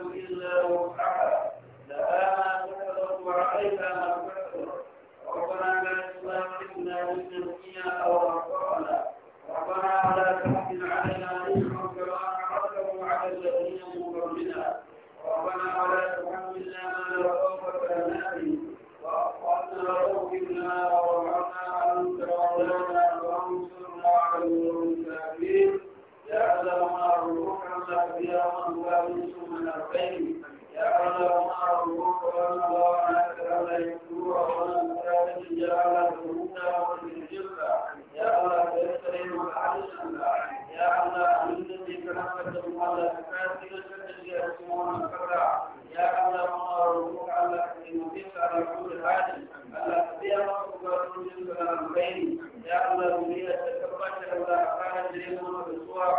إلا وسعها لها ما كسبت ربنا لا تسامحنا إن نسينا أو أخطأنا ربنا لا تحملنا الحسين جعل معه وأن الله أكرم يسوع وأن كان جعل الهدى والجبة جعل يسلم العلم جعل عندك رحمة على فاسدة يسمون الفرع جعل معه على المبيت على كل حال على سبيل مصبر جبة الأمرين جعل بنية تكبت على خارج الصور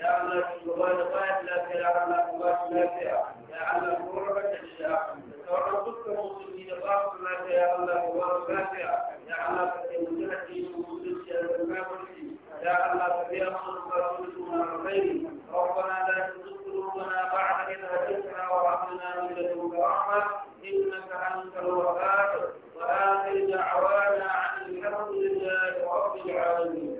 يا الله سبحان الله لا ترى الله سبحان الله يا الله قربة الشاق تورطك مسلمين باق لا يا الله سبحان الله يا الله كتبنا في مسلم يا الله كبير من رسولنا الخير ربنا لا تزغ قلوبنا بعد إذ هديتنا وهب من لدنك رحمة إنك أنت الوهاب وآخر دعوانا عن الحمد لله رب العالمين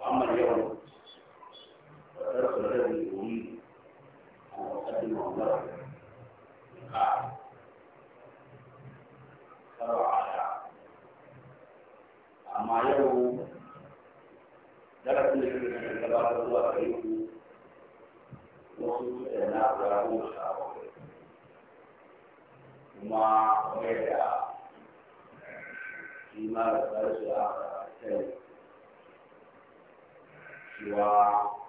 واما اليوم فالدرس الذي اريد ان اقدمه لكم لقاء سبع ساعات اما يوم درس الذي تبارك الله فيه وصلت الى نار ولا هو وما غير فيما ذكرت الاخر 是啊。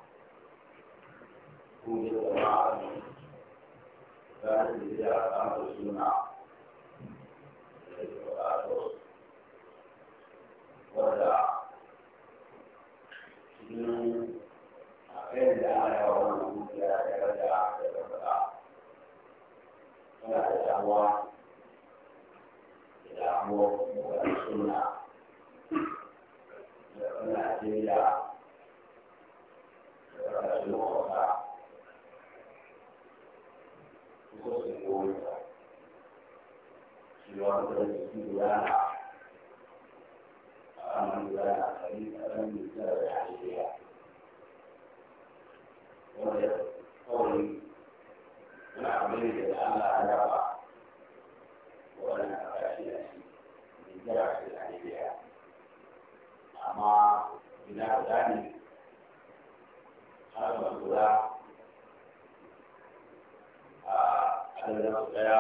ada dapat saya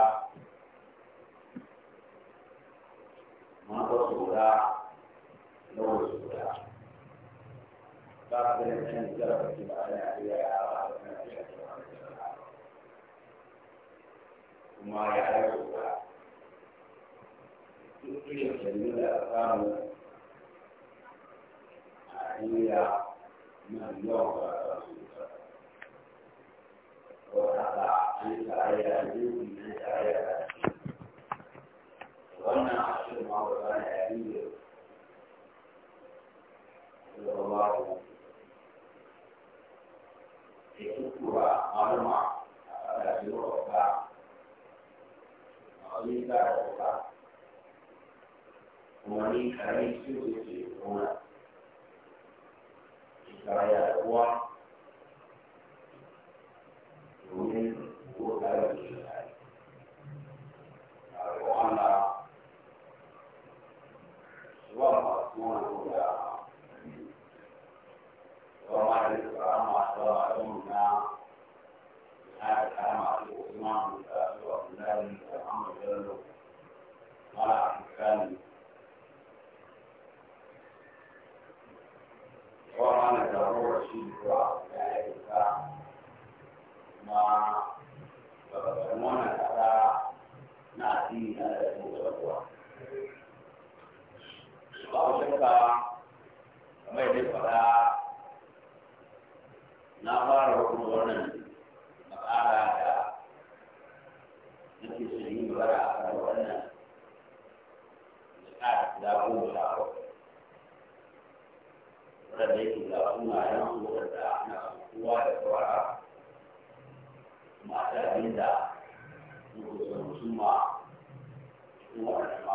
mengapa sudah lalu sudah tak ada yang bicara bersama ada dia cuma ya ada sudah a yang jadi kamu dia menjawab a tak وانا عشر ما وانا عمير صلى الله عليه وسلم يشكرها مرمى على يوروبا مريضة أوروبا ومن كريم سوسي هنا إسرائيل أوروبا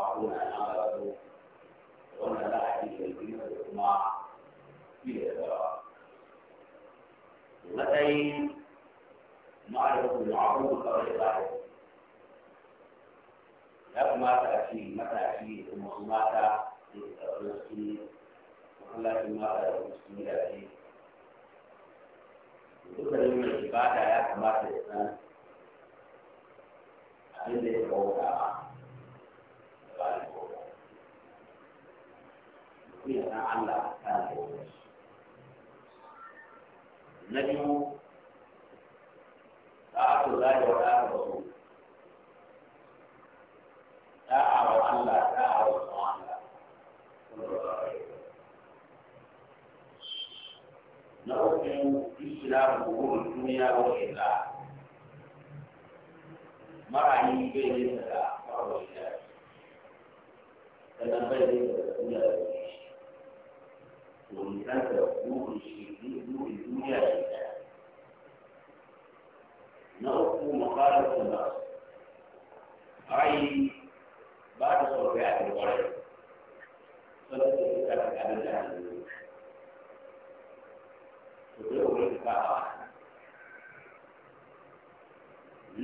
يقعون العمل وأن لا أحد يلزمهما في الإدارة متى معرفة المعروف أو الإباحة لكن ما تأتي ما تأتي ثم ما تأتي المسكين ولكن ما تأتي المسكين يأتي duka da mai ibada ya kamata ya san abin da ya kawo da iya dan Allah ta haihuwa na biyu ta'atu lahi wa ta'atu rasul ta'a wa Allah ta'a wa Allah na uku ikhtilaf umur dunya wa ikhlas marayi bai ne da farko da dan bai ne da dunya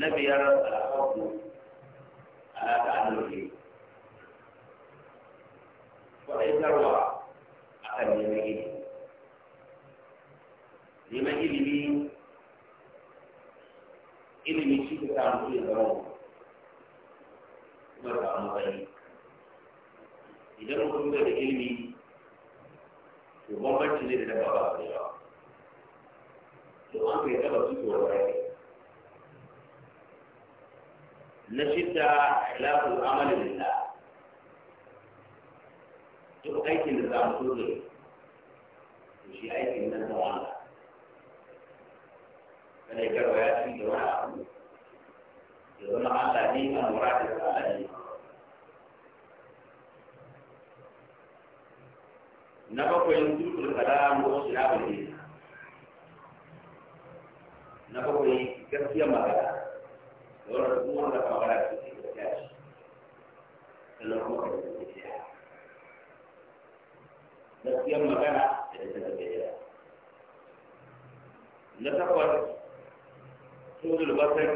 na biyar al'adu إخلاص العمل لله تو أي كن نظام تقول مشي أي كن نظام وانا أنا يكبر وياتي جوانا جوانا عن تهديم أنا مراد الثاني نبا كو ينتو كل كلام هو سلاب الدين نبا كو ينتو كل كلام هو سلاب الدين نبا كو ينتو كل كلام هو سلاب الدين sannan kuma ka zama da shari'a gaskiyar magana da ta zama shari'a na takwas tuzul basar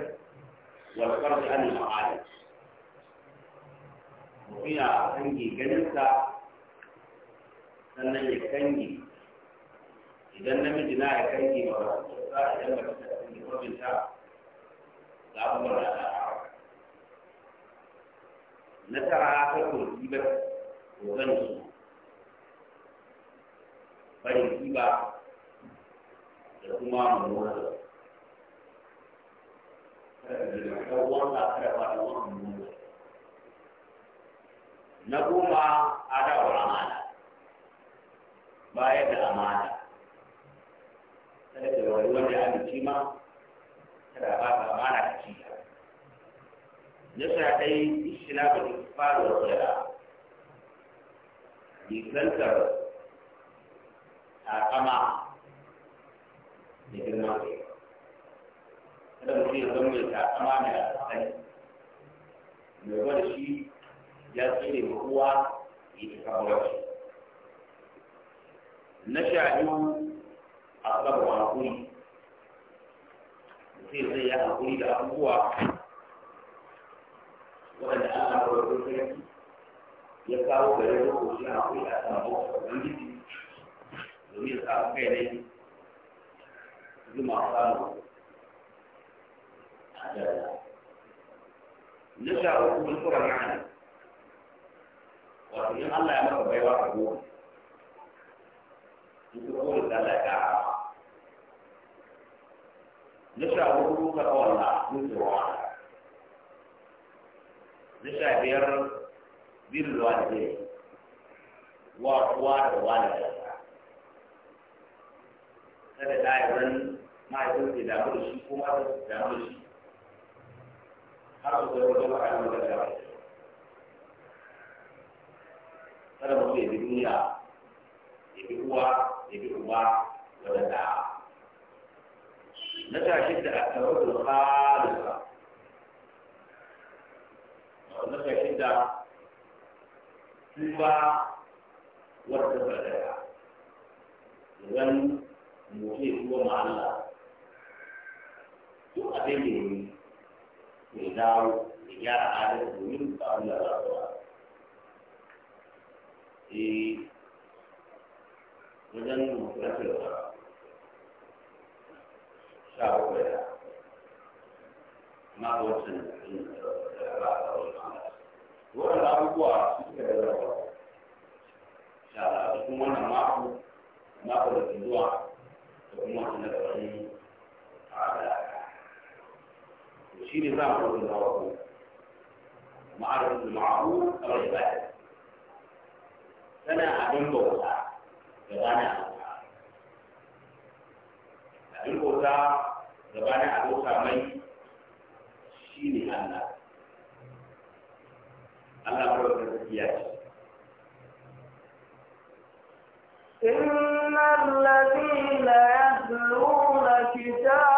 wal farji an ma'ali mutum ya kange ganinsa sannan ya kange idan namiji na ya kange ba ba idan mace ta kange kwabinta za a kuma rana na tara ta kurji ba zan su bari kiba da kuma mummuna da kada wanda kada ba da wannan mummuna na goma adawar amana bayar da amana kada da wani wanda ya amince ma kada ba ta amana ka ci na sha ɗai ishilafin fara wasala nisantar takama da girma kai kada mutum ya zama mai takama mai asali mai wani shi ya tsere ma uwa ya ci kawarci na sha biyu a sabuwa hakuri mutum zai yi hakuri da abubuwa wanda Allah ya rawaito sarki ya kawo gare da ko shi akwai a samu ubangiji domin ya samu kai ne zuma samu adala na sha uku mun kura ma'ana wato in Allah ya maka baiwa ka goma in ka kore ta Allah ya na sha uku ka kawalla mun kura ma'ana na sha biyar birnin walidai wa kuwa da walidai kada ɗaliban ma'aikata ke damu da shi ko mata su damu da shi har su zai wajen maka da maka da kada mutum ya bi duniya ya bi uwa ya bi uba wadda da na tashi da a tsaro da halisa wanda ka shida tuba wata sadaka idan mutum tuba ma Allah duk abin da yi mai dawo da gyara adalci domin ba Allah za su ba eh wajen mutum ya da sha na wancan wannan abubuwa suka da rawa shara da kuma wannan mako mako da zuwa da kuma wannan da a shi ne za mu rubuta rawa ko ma'aru a wani tana abin bauta da ranar abin bauta da ranar abin mai shi ne Allah Allah ko da إن الذين يتلون كتاب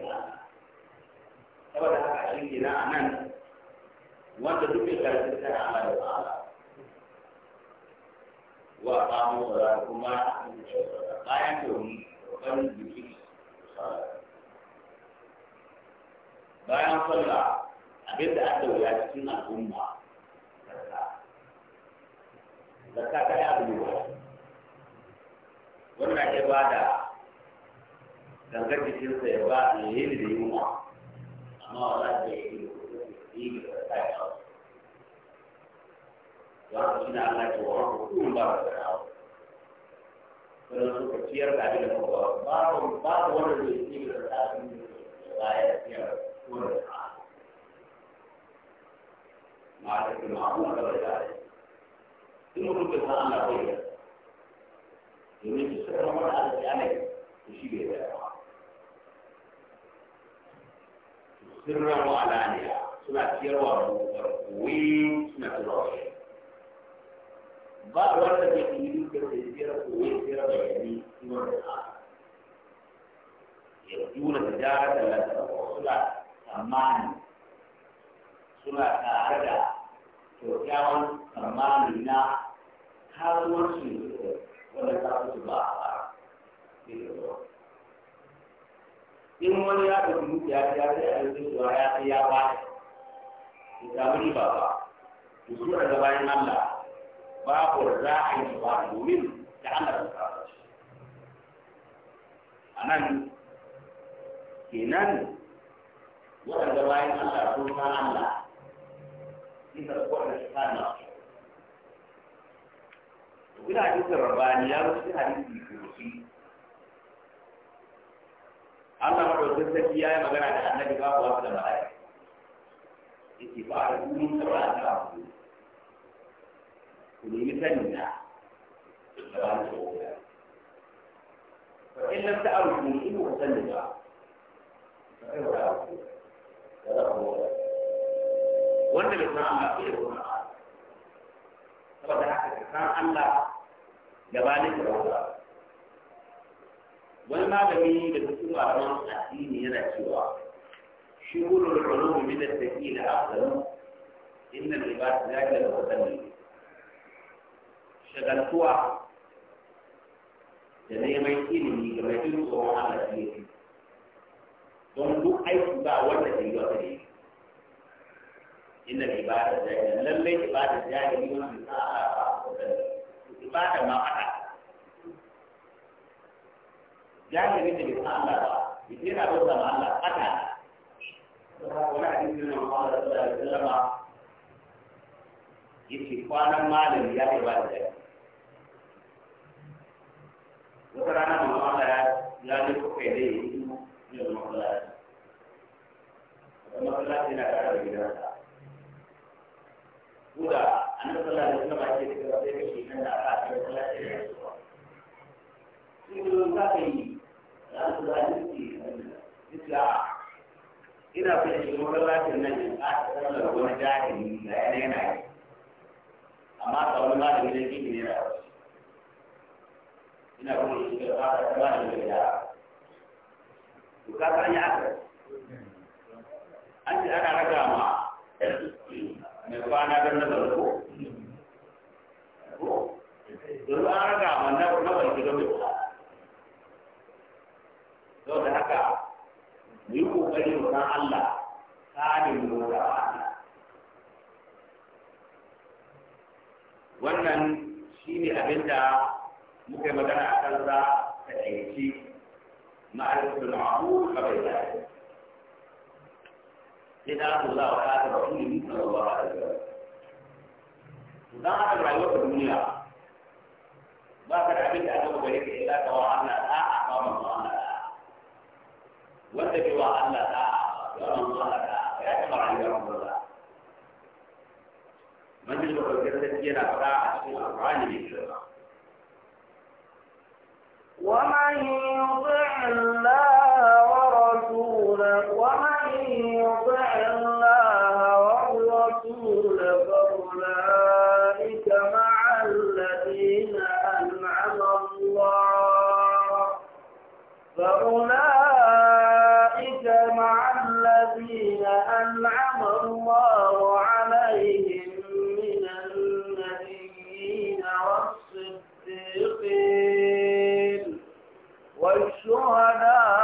kula saboda haka shi ke na nan wanda duk da karfi ta amma da ta'ala wa kamo da kuma bayan domin wani biki bayan sallah abin da aka wuya cikin al'umma zakka ta yi abu ne wannan ya bada gangar jikinsa ya ba ya yi da yunwa amma wala da ya a yi da ta yi hau Ba su shi na Allah ke wa kuma ba wa da hau sannan suka ciyar da abin da kuma babu babu wanda zai yi da ta abin da ba ya ciyar ko da ta ma da ke ma'amuna da bai da in mutum bai san Allah bai da domin su suka ramar da Allah ya ne shi bai da yawa sirran wa alaniya suna ciyarwa koyi suna ciyarwa ba wanda ke yi da ke ciyar koyi ciyar da yani ciyar da ta ya tijara da lantarki suna tsammani suna tare da kyakkyawan tsammani na kasuwanci wanda ta su ba in wani ya ɗauki dukiya ya sai a yanzu cewa ya sai ya ba da ya samu riba ba to su daga bayan Allah babu da za a yi ba domin da Allah ta kawo shi nan kenan waɗanda Allah sun san Allah inda kowane shi ta na Bila hadisin rabani ya rufe hadisi kursi Allah madaukakin sarki ya yi magana da annabi babu wasu da mala'ika yake ba a rubutu da ba a tsara ku ku nemi sani na da ba ni tsoro da fa in lam ta'aru ni in ku sani ba fa kai wa ta'aru ku da za ku wanda bai san Allah bai yi wani saboda haka ka san Allah gabanin da ba wani malami da cikin malaman addini yana cewa شغل العلوم من الثقيل أفضل إن العباد ذاك المتدلل شغلتوا da neman ilimi da mai jin tsoron Allah ne don duk aiki ba wanda ke yi wa kare inna ibada jahili lalle ibada jahili wannan sa'a ba ibada ma fada jahili da bisa Allah ba ita yana bauta ma Allah kata wani hadisi na Muhammad sallallahu alaihi wasallam yace kwanan malami ya yi ba da dai wata rana Muhammad ya ya ji kuka da yi ne da masallaci da masallaci na tare da gidansa ko da annabi sallallahu alaihi wasallam ya ce da sai shi nan da aka ce masallaci ne su ko za ka ina fi shi a wani jahili da yi amma wani ina kuma shi ta da ka san ya an ana raga ma mai kwana don na zarko don an raga ma na mai don da haka mu yi kokari mu san Allah kare mu da Allah wannan shine abin da muka magana a kan za ta aiki ma'arifatul ma'ruf wa bayyana idan Allah wa ta'ala rasulullahi sallallahu alaihi wasallam dan haka rayuwar duniya ba ka da abin da aka gare ka illa ka wa Allah a'a ba mu ba wanda ke wa Allah da yawan Allah da ya ci mara yawan Allah manjin da kwanciyar sarki yana fara a cikin alƙur'ani mai shirka ومن يطع الله ربنا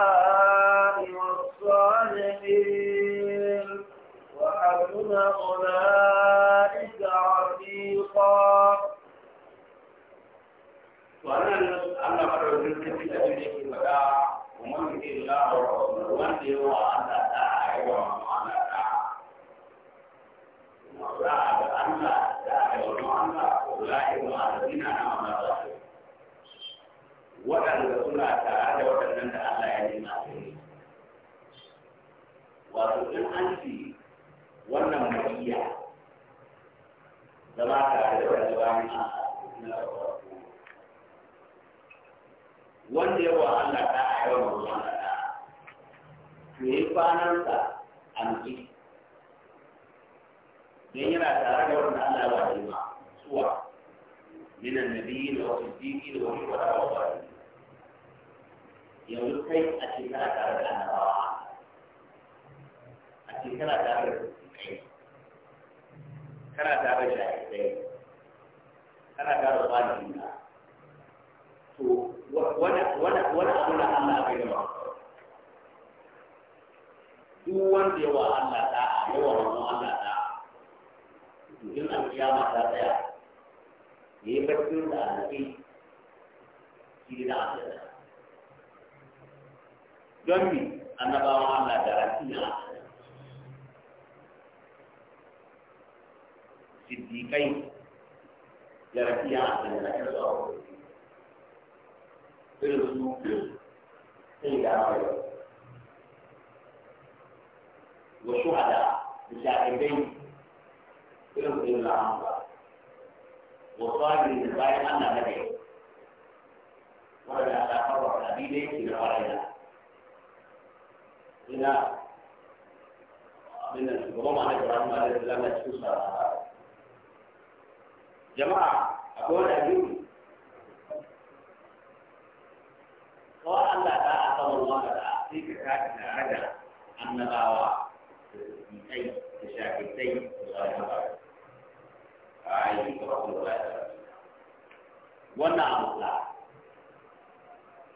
kwananta a mutu don yana tare da wanda Allah ba da ma suwa na biyu da wasu jiki da wani wata wata yanzu kai a shekara tare da annabawa a shekara tare da kai kana tare da shahidai kana tare da wani to wani abu na Allah bai da duk wanda ya wa Allah da yi wa wannan Allah da to in alƙiyama ta tsaya ya yi barkin da annabi shi da Allah don mi annabawan Allah da rafiya siddiƙai da rafiya da rafiya da irin su sai da والشهداء الشاهدين يغفر لهم والصابرين الغاية أن لديه ولنا تفرع سبيله إلى غيرنا هنا من الغرام عن إبراهيم عليه السلام يسوس جماعة أقول أجيب قال أن لا تعلم الله تعالى في كتابنا رجع hadisai da ayi wannan abu da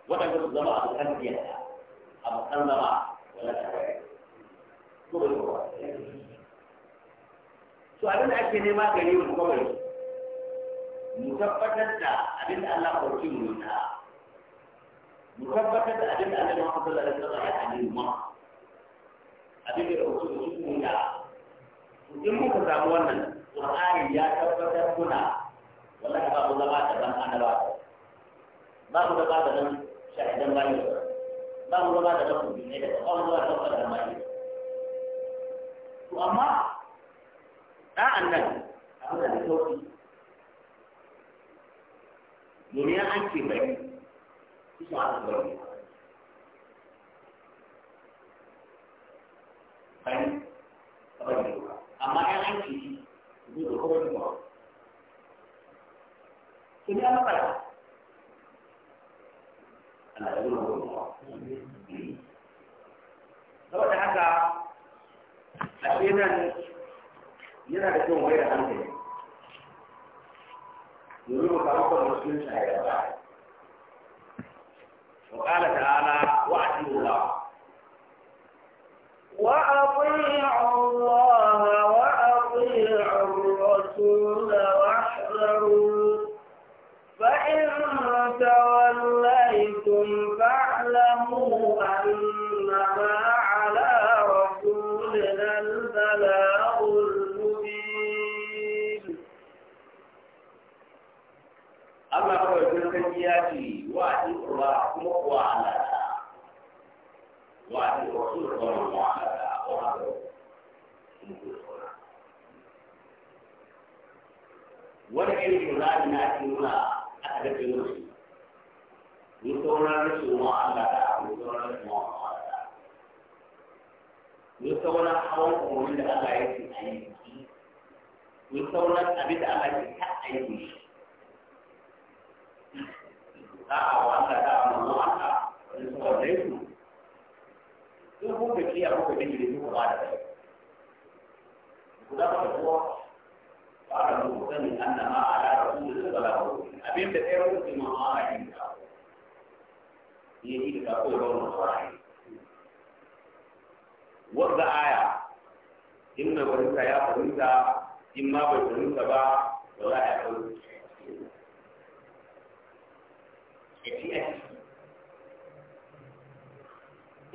waɗanda su zama abu kan biyarta abu kan zama wala tare So abin da ake nema gare mu kawai mu tabbatar da abin da Allah ya ce mu ta mu tabbatar da abin da Allah ya faɗa da Allah ya ce mu abin da ya ce mu ta in muka samu wannan qur'ani ya tabbatar kuna wallahi babu zama da ban annabawa babu zama da ban shahidan bayi babu zama da ban ne da Ba zama da ban annabawa to amma da'an nan abin da sauki domin an ce bai su su aka bai bai رجلها أما أنا عندي بدون خبر المرض كم أنا قلع أنا بدون خبر المرض لو تحكى أحيانا yana da kyau mai da hankali domin mu samu kwan musulunci a yaba وقال تعالى واعتبروا الله وأطيعوا الله وأطيعوا الرسول واحذروا فإن توليتم فاعلموا أنما على رسولنا البلاغ المبين أما هو الجنة يأتي وأطيعوا الله وأطيعوا وعن الرسول ko وعلى وهذا wani za ni na ci nuna a ƙarfi musu ni sauran rashin wa Allah da mu sauran rashin wa Allah da ni sauran hawan umarni da aka yi a yi ni sauran abin da Allah ya ta a yi ta a wa da mu wa wani sauran rashin in kuka kiyaye kuka bijire su ku ba da kai ku da ba kuwa فاعلموا سمي ان ما على رسول البلاغ ابين تتيرو في معارك يجي تقول لهم صراحه وضع آية إما بريسا يا بريسا إما بريسا با ولا يقول أتي أتي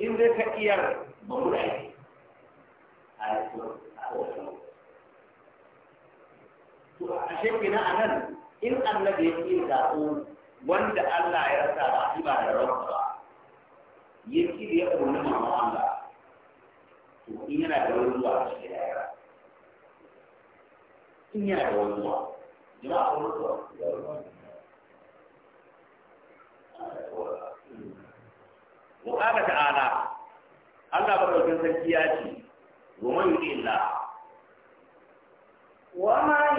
in zai ka iya ba mu a yi a wasu a a nan in annabi ya ƙi zaɓo wanda Allah ya rasa ba shi ba da rawarsa ba ya ƙi da ya ƙaunar mama Allah to in yana da wani zuwa a cikin yara in yana da wani zuwa jama'a kuma zuwa wa qala ta'ala Allah madaukakin sarki ya ce goma man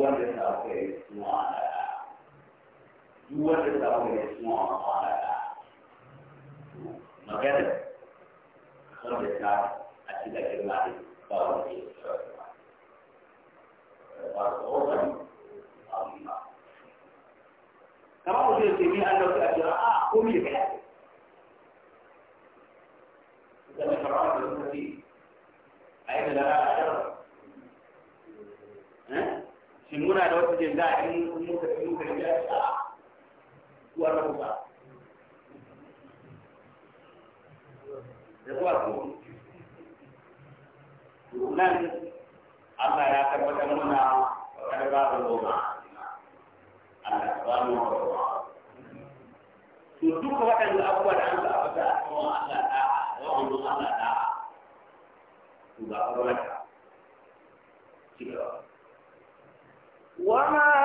wanda ta ku yi suna da duk wanda ta ku yi suna da kwana da magana kan da ta a cikin girma da ba wanda ya ba su ofan amma kamar mutum ke bi an dauki a jira a ko mi da kai da mai karɓar da suka ce a yi da lalata shi muna da wata jin da'a in muka fi muka yi a kuwar na kuka da kuwa ko nan Allah ya tabbatar muna kada ba da goma Allah ba mu goma to duka waɗanda abubuwa da ta Allah ba a وما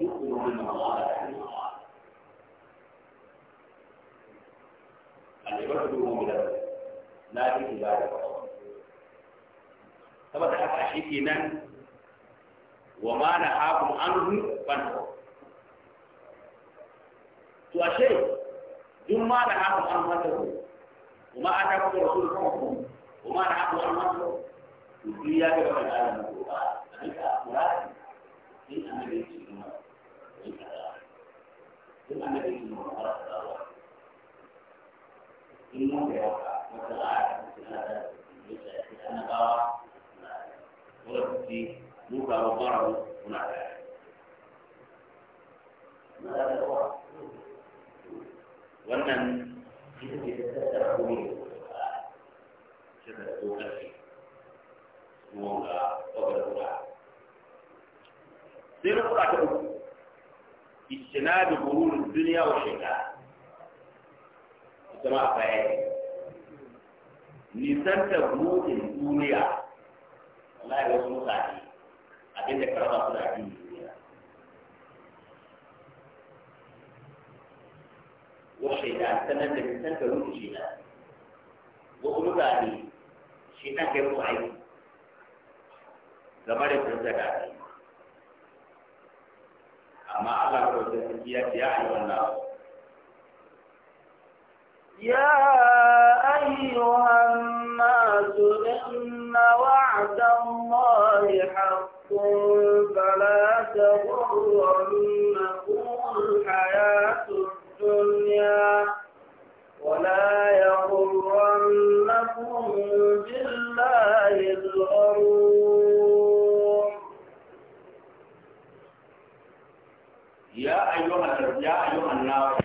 يؤمن بالله العبادة المؤمنة لا بالعبادة saboda haka shi ke nan wa ma na haku an ban to ashe duk ma na haku an mata kuma an ta kuma rasul kuma kuma na haku an mata to duk ya ga wannan alamu ko ba a duka muradi sai an yi ثم نبيه ورسوله إنه يوقع وتلاعب مثل هذا ليس لأن دار wannan ta da ijtinabi bururud dunya wa shaytan zama a baya nisan ta buɗin duniya wallahi wasu mutane abin da karfa suna bin duniya wa shaida sanar ta rufe shaida wasu mutane shaida kai amma Allah ko da ya ya ayyuhan ya ayyuhan الناس إن وعد الله حق فلا تغرنكم الحياة الدنيا ولا يغرنكم بالله الغرور ya ayyuhan ya ayyuhan nas